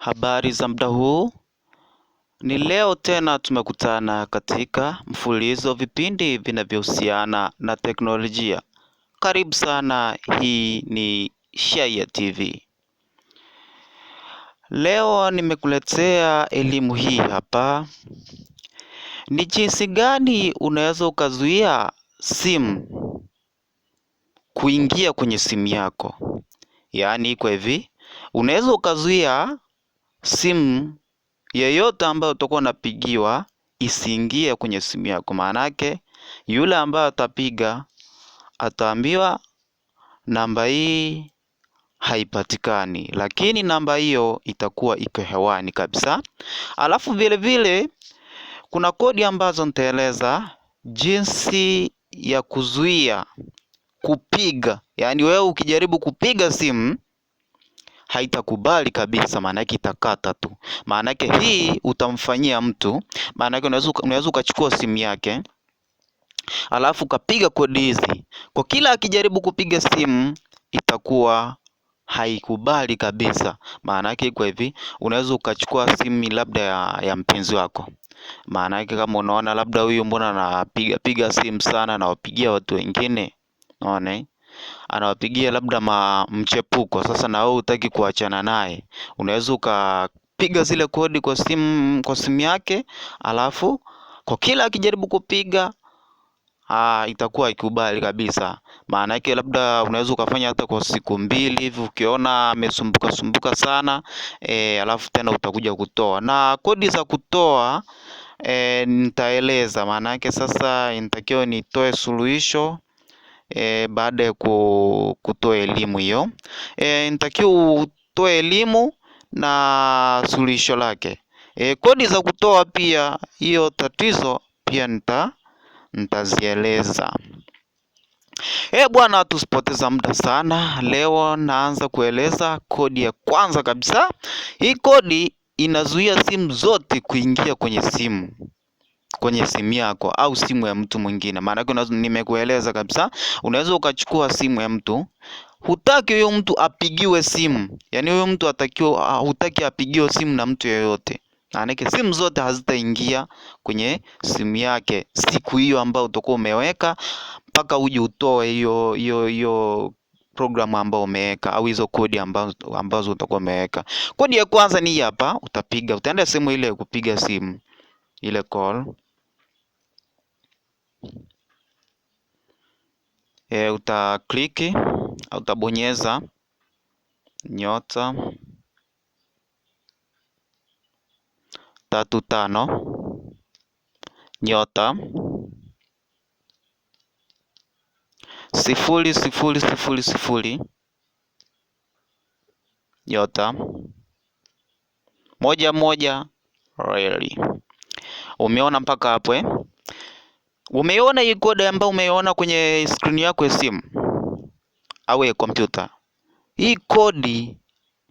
Habari za muda huu, ni leo tena tumekutana katika mfululizo wa vipindi vinavyohusiana na teknolojia. Karibu sana, hii ni Shayia TV. Leo nimekuletea elimu hii hapa, ni jinsi gani unaweza ukazuia simu kuingia kwenye simu yako. Yaani iko hivi, unaweza ukazuia simu yeyote ambayo utakuwa unapigiwa isiingie kwenye simu yako, maanake yule ambaye atapiga ataambiwa namba hii haipatikani, lakini namba hiyo itakuwa iko hewani kabisa. Alafu vile vile kuna kodi ambazo nitaeleza jinsi ya kuzuia kupiga, yaani wewe ukijaribu kupiga simu haitakubali kabisa, maana yake itakata tu. Maana yake hii utamfanyia mtu, maana yake unaweza ukachukua simu yake alafu ukapiga kodi hizi, kwa kila akijaribu kupiga simu itakuwa haikubali kabisa. Maana yake iko hivi, unaweza ukachukua simu labda ya, ya mpenzi wako maana yake kama unaona labda huyu mbona anapiga piga simu sana, nawapigia watu wengine, unaona. Eh? anawapigia labda ma mchepuko, sasa na wewe hutaki kuachana naye, unaweza ukapiga zile kodi kwa simu kwa simu yake, alafu kwa kila akijaribu kupiga aa, itakuwa ikubali kabisa. Maana yake labda unaweza ukafanya hata kwa siku mbili hivi, ukiona amesumbuka sumbuka sana e, alafu tena utakuja kutoa. Na kodi za kutoa e, nitaeleza maana yake sasa, inatakiwa nitoe suluhisho e, baada ya kutoa elimu hiyo e, nitakiwa utoe elimu na suluhisho lake e, kodi za kutoa pia hiyo tatizo pia nita nitazieleza. E bwana, tusipoteza muda sana. Leo naanza kueleza kodi ya kwanza kabisa. Hii kodi inazuia simu zote kuingia kwenye simu kwenye simu yako au simu ya mtu mwingine. yake nimekueleza kabisa, unaweza ukachukua simu ya mtu, hutaki huyo mtu apigiwe simu, yaani huyo mtu atakiwa, hutaki apigiwe simu na mtu yeyote. yake simu zote hazitaingia kwenye simu yake siku hiyo ambayo utakuwa umeweka, mpaka uje utoe hiyo hiyo hiyo programu ambayo umeweka au hizo kodi ambazo, ambazo utakuwa umeweka. Kodi ya kwanza ni hapa, utapiga, utaenda sehemu ile ya kupiga simu ile call e, utakliki au utabonyeza nyota tatu tano nyota sifuri sifuri sifuri sifuri nyota moja moja reli. Umeona mpaka hapo eh? Umeiona hii kodi ambayo umeiona kwenye screen yako ya simu au ya kompyuta. Hii kodi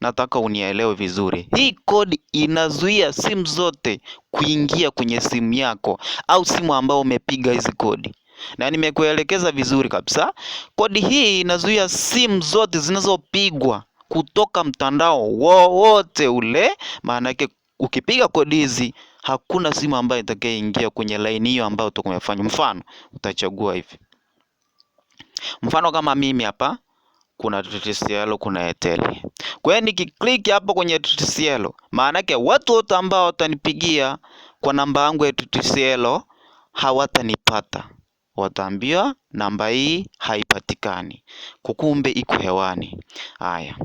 nataka unielewe vizuri. Hii kodi inazuia simu zote kuingia kwenye simu yako au simu ambayo umepiga hizi kodi, na nimekuelekeza vizuri kabisa. Kodi hii inazuia simu zote zinazopigwa kutoka mtandao wowote ule, maana yake ukipiga kodi hizi hakuna simu ambayo itakayoingia kwenye laini hiyo ambayo umefanya. Mfano utachagua hivi, mfano kama mimi hapa kuna TTCL, kuna Airtel. Kwa hiyo nikiklik hapo kwenye TTCL, maana yake watu wote ambao watanipigia kwa namba yangu ya TTCL hawatanipata wataambiwa namba hii haipatikani, kukumbe iko hewani. Haya,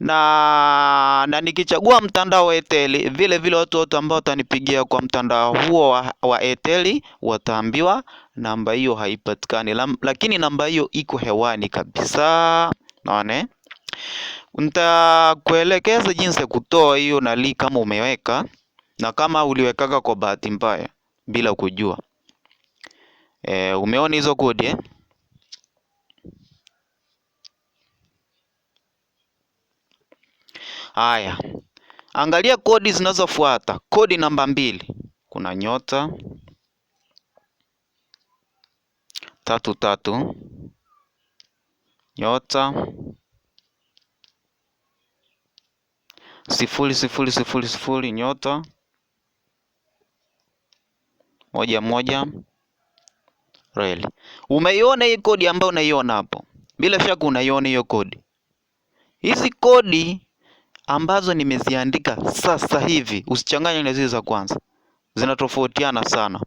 na na nikichagua mtandao wa Airtel, vile vile watu wote ambao watanipigia kwa mtandao huo wa, wa Airtel wataambiwa namba hiyo haipatikani, lakini namba hiyo iko hewani kabisa. Naone nitakuelekeza jinsi ya kutoa hiyo nali kama umeweka na kama uliwekaga kwa bahati mbaya bila kujua. E, umeona hizo kodi eh? Haya, angalia kodi zinazofuata. Kodi namba mbili kuna nyota tatu tatu nyota sifuri sifuri sifuri sifuri nyota moja moja reli. Umeiona hii kodi ambayo unaiona hapo? Bila shaka unaiona hiyo kodi. Hizi kodi ambazo nimeziandika sasa hivi, usichanganye na zile za kwanza, zinatofautiana sana.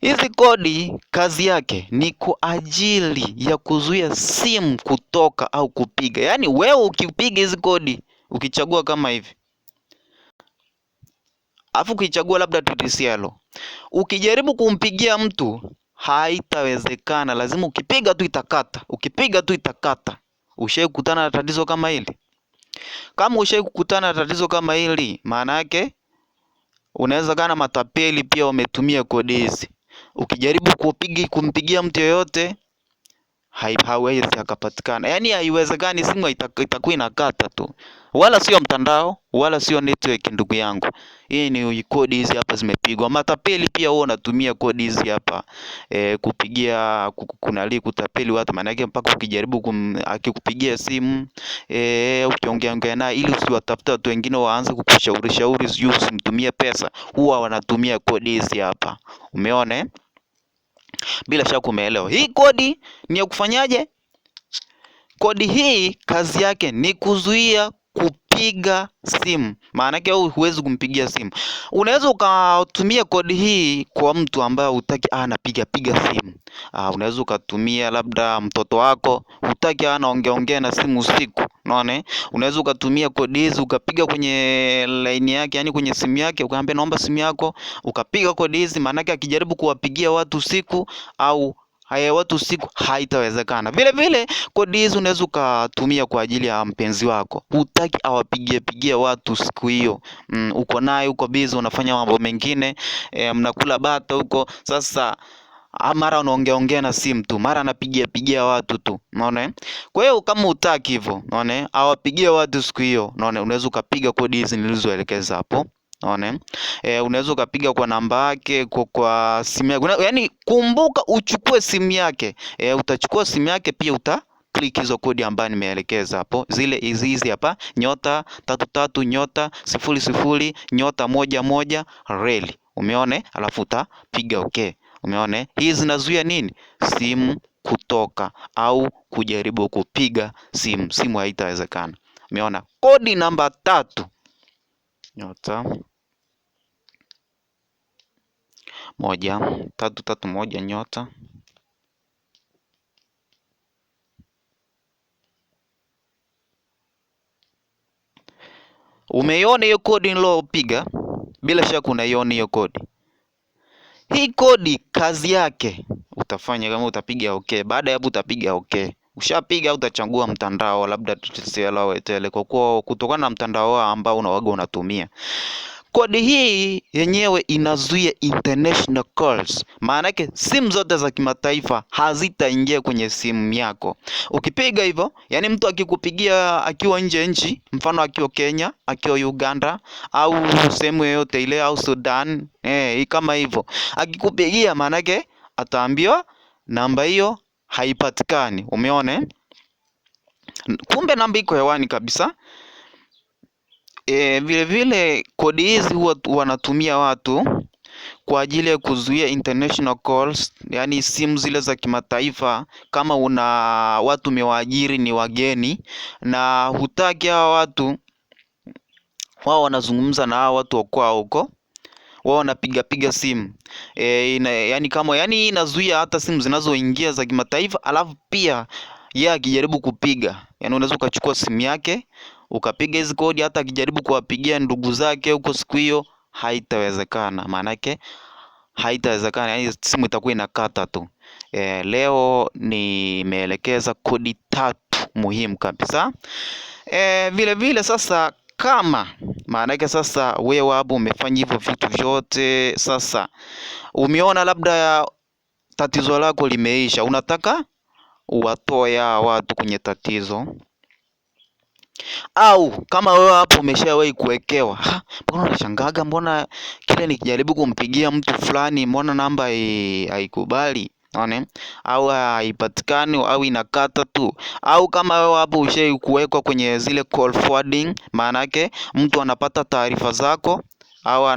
Hizi kodi kazi yake ni kwa ajili ya kuzuia simu kutoka au kupiga. Yaani wewe ukipiga hizi kodi, ukichagua kama hivi alafu ukichagua labda TTCL, ukijaribu kumpigia mtu haitawezekana. Lazima ukipiga tu itakata, ukipiga tu itakata. Ushai kukutana na tatizo kama hili? Kama ushai kukutana na tatizo kama hili, maana yake unaweza kana matapeli pia wametumia kodi hizi. Ukijaribu kupiga kumpigia mtu yoyote haiwezi akapatikana, yaani haiwezekani, simu itakuwa inakata tu, wala sio mtandao wala sio network. Ndugu yangu, hii ni kodi hizi hapa zimepigwa. Matapeli pia wao wanatumia kodi hizi hapa e, kupigia kunali kutapeli watu, maana yake mpaka ukijaribu kum, akikupigia simu e, ukiongea ongea naye ili usiwatafuta watu wengine waanze kukushauri shauri, sijui usimtumie pesa, huwa wanatumia kodi hizi hapa, umeona eh? Bila shaka umeelewa. Hii kodi ni ya kufanyaje? Kodi hii kazi yake ni kuzuia kupiga simu, maana yake huwezi kumpigia simu. Unaweza ukatumia kodi hii kwa mtu ambaye hutaki anapiga piga simu. Ah, unaweza ukatumia labda mtoto wako, hutaki ongea na simu usiku, Unaona? Eh? Unaweza ukatumia kodi hizi ukapiga kwenye line yake, yani kwenye simu yake ukaambia naomba simu yako, ukapiga kodi hizi maanake akijaribu kuwapigia watu siku au haya watu siku haitawezekana. Vile vile kodi hizi unaweza ukatumia kwa ajili ya mpenzi wako, hutaki awapigie pigie watu siku hiyo. Mm, uko naye uko busy unafanya mambo mengine e, mnakula bata huko sasa Ah, mara unaongeaongea na simu tu, mara anapigia pigia watu tu, unaona. Kwa hiyo kama utaki hivyo, unaona, awapigie watu siku hiyo, unaona, unaweza ukapiga kodi hizi nilizoelekeza hapo, unaona. E, unaweza ukapiga kwa namba yake, kwa, kwa simu yake, yaani kumbuka uchukue simu yake. E, utachukua simu yake pia uta click hizo kodi ambayo nimeelekeza hapo, zile hizi hizi hapa, nyota tatu tatu nyota sifuri sifuri nyota moja moja reli, umeone, Alafu utapiga okay. Umeona? Hii zinazuia nini? Simu kutoka au kujaribu kupiga simu, simu haitawezekana. Umeona? Kodi namba tatu nyota moja tatu tatu moja nyota Umeiona hiyo kodi nilopiga? Bila shaka unaiona hiyo kodi. Hii kodi kazi yake utafanya kama utapiga okay. Baada ya hapo utapiga okay. Ushapiga utachagua mtandao labda TCL au Airtel kwa kuwa kutokana na mtandao ambao unawaga unatumia. Kodi hii yenyewe inazuia international calls, maanake simu zote za kimataifa hazitaingia kwenye simu yako. Ukipiga hivyo, yani mtu akikupigia akiwa nje nchi, mfano akiwa Kenya, akiwa Uganda au sehemu yoyote ile au Sudan, eh, kama hivyo akikupigia, yake ataambiwa namba hiyo haipatikani. Umeona? Eh? Kumbe namba iko hewani kabisa. E, vile vile kodi hizi huwa wanatumia watu kwa ajili ya kuzuia international calls, yani simu zile za kimataifa, kama una watu umewaajiri ni wageni na hutaki hawa watu wao wanazungumza na hawa watu wa huko wao wanapiga piga simu e, ina, yani kama yani inazuia hata simu zinazoingia za kimataifa, alafu pia yeye akijaribu kupiga, yani unaweza ukachukua simu yake ukapiga hizi kodi, hata akijaribu kuwapigia ndugu zake huko siku hiyo haitawezekana, maanake haitawezekana, yaani simu itakuwa inakata tu. E, leo nimeelekeza kodi tatu muhimu kabisa. E, vile vile sasa kama maanake sasa wewe hapo umefanya hivyo vitu vyote, sasa umeona labda ya tatizo lako limeisha, unataka uwatoe watu kwenye tatizo, au kama wewe hapo umeshawahi kuwekewa mbona unashangaga, mbona kile nikijaribu kumpigia mtu fulani, mbona namba haikubali one au haipatikani au inakata tu, au kama wewe hapo ushai kuwekwa kwenye zile call forwarding, maana yake mtu anapata taarifa zako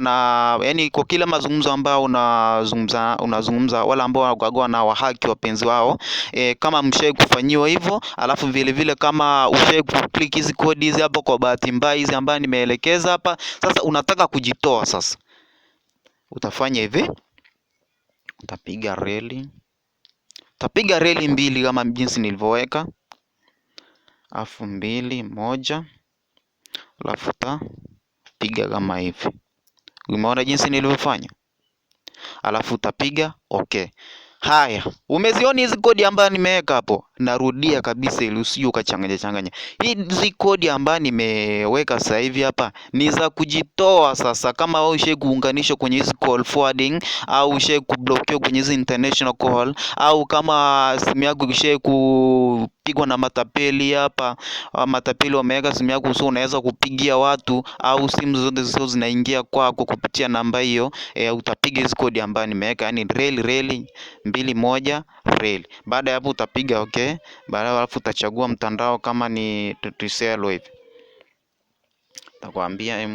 na yani, kwa kila mazungumzo ambao unazungumza unazungumza wala ambao wanakuagua na wahaki wapenzi wao e, kama mshai kufanyiwa hivyo alafu vile vile kama ushai kuclick hizi kodi hizi hapo kwa bahati mbaya hizi ambayo nimeelekeza hapa sasa unataka kujitoa sasa utafanya hivi utapiga reli utapiga reli mbili kama jinsi nilivyoweka alafu mbili moja alafu ta piga kama hivi Umeona jinsi nilivyofanya? Alafu utapiga okay. Haya, umeziona hizi kodi ambayo nimeweka hapo? Narudia kabisa ili usije ukachanganya changanya. Hizi kodi ambayo nimeweka sasa hivi hapa ni za kujitoa sasa, kama wewe ushe kuunganisha kwenye hizi call forwarding au ushe kublokio kwenye hizi international call au kama simu yako ishe ku pigwa na matapeli hapa. Ah, matapeli wameweka simu yako, so unaweza kupigia watu au simu zote zio zinaingia kwako kupitia namba hiyo. E, utapiga hizi kodi ambayo nimeweka, yani reli reli mbili moja reli. Baada ya hapo utapiga okay, baada alafu utachagua mtandao kama ni Triselo hivi, takwambia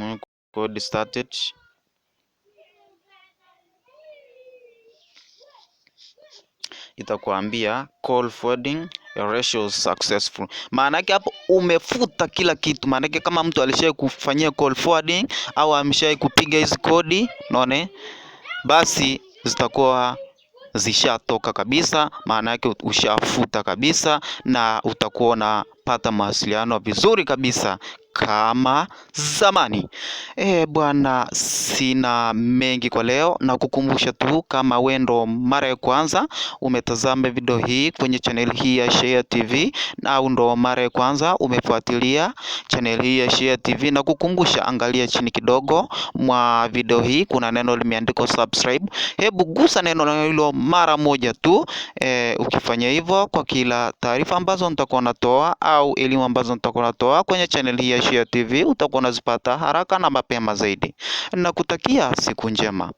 code eh, started itakuambia call forwarding ratio successful. Maana yake hapo umefuta kila kitu, maana yake kama mtu alishai kufanyia call forwarding au ameshai kupiga hizi kodi, unaona, basi zitakuwa zishatoka kabisa, maana yake ushafuta kabisa, na utakuwa unapata mawasiliano vizuri kabisa kama zamani. E, bwana, sina mengi kwa leo, na kukumbusha tu kama wendo mara ya kwanza umetazama video hii kwenye channel hii ya Shayia TV au ndo mara ya kwanza umefuatilia channel hii ya Shayia TV, na kukumbusha, angalia chini kidogo mwa video hii kuna neno limeandikwa subscribe. Hebu gusa neno hilo mara moja tu. E, ukifanya hivyo, kwa kila taarifa ambazo nitakuwa natoa au elimu ambazo nitakuwa natoa kwenye channel hii ya Asia TV utakuwa unazipata haraka na mapema zaidi. Nakutakia siku njema.